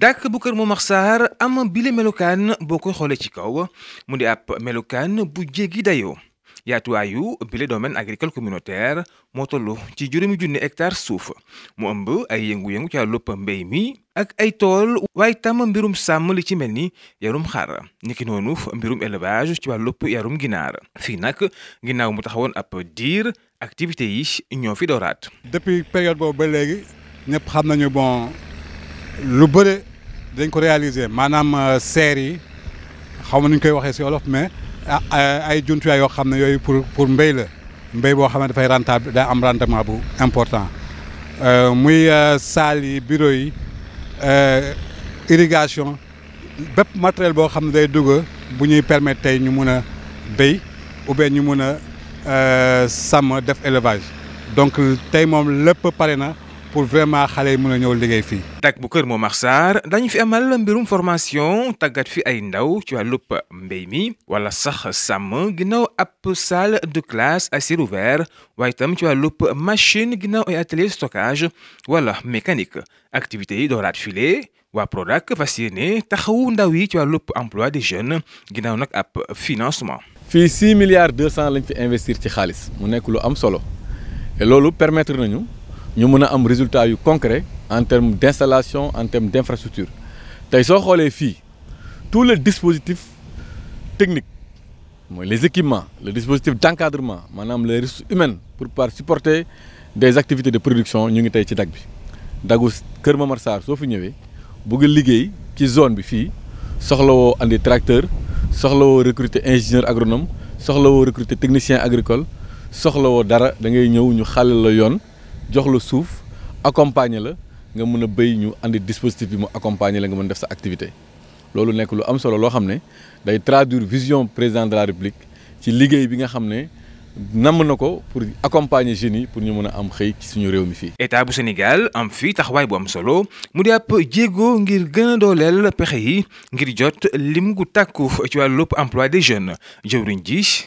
dàkk bu kër Momar saar am bile melokaan boo koy xoolee ci kaw mu di ab melokaan bu jéggi dayoo yaatuwaayu bile domaine agricole communautaire moo toll ci juróomi junni hectare suuf mu ëmb ay yëngu-yëngu ca lópp mbéy mi ak ay tool waaye tam mbirum sàmm li ci mel ni yarum xar niki noonu mbirum élevage ci wàllu yarum ginaar fii nag ginnaaw mu taxawoon ab diir activités yi ñoo fi dooraat. depuis période boobu ba léegi ñëpp xam nañu bon lu bëre dañ ko réaliser manam euh, série, yi xaw ñu koy waxé ci olof mais ay jumtuwaay yo xamné ne pour pour mbéy la mbéy boo xam ne rentable da am rendement bu important euh, muy euh, sali, bureau yi irrigation bép matériel bo xamné day dugg bu ñuy permettre tey ñu mëna a ou bien ñu mëna euh sàmm def élevage donc tay mom lepp pare na pour vraiment xalé yi ñëw liggéey fi dak bu Kër Momar Sarr dañ fi amal mbirum formation tagat fi ay ndaw ci walup mbéy mi wala sax sam ginnaw app salle de classe à ciel ouvert way tam ci walup machine ginnaw ay atelier stockage wala mécanique activité yi dooraat file waa Prodac fas taxawu ndaw yi ci walup emploi des jeunes ginnaw nak app financement. fi 6 milliards 200 lañ fi investir ci xaalis mu nekk lu am solo et loolu permettre nañu nous avons un am résultat concret en termes d'installation, en termes d'infrastructure. infrastructure tey soo xoolee tout le dispositif les équipements les dispositifs d'encadrement, les ressources humaines pour pouvoir supporter des activités de production nous ngi ici, ci dag bi dagu le Momar Sarr soo fi ñëwee bëgg liggéey ci zone bi fii des andi tracteur soxlawoo recruter ingénieur agronome soxlawoo recruter technicien agricole soxlawoo dara da ngay ñëw ñu xàllal la jox la suuf accompagner la nga mën a ñu andi dispositif bi mu accompagner la nga mën def sa activité lolu nek lu am solo lo xam day traduire vision président de la république ci liguey bi nga xam ne namm na ko pour accompagner jeunes pour ñu mën a am xey ci suñu réew mi fii. état bu Sénégal am fi taxway bu am solo mu di ab ngir gëna a dooleel pexe yi ngir jot lim gu takku ci wàllu emploi des jeunes jëwriñ ji.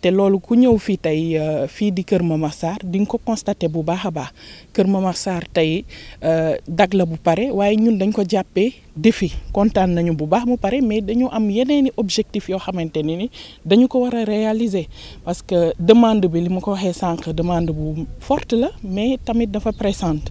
te loolu ku ñëw fii tey euh, fii di Kër Momar Sarr di nga ko constaté bu baax a baax Kër Momar Sarr tey euh, dag la bu pare waaye ñun dañ ko jàppee défi kontaan nañu bu baax mu pare mais dañu am yeneeni objectif yoo xamante ni ni dañu ko war a réaliser parce que demande bi li ma ko waxee sànq demande bu forte la mais tamit dafa pressante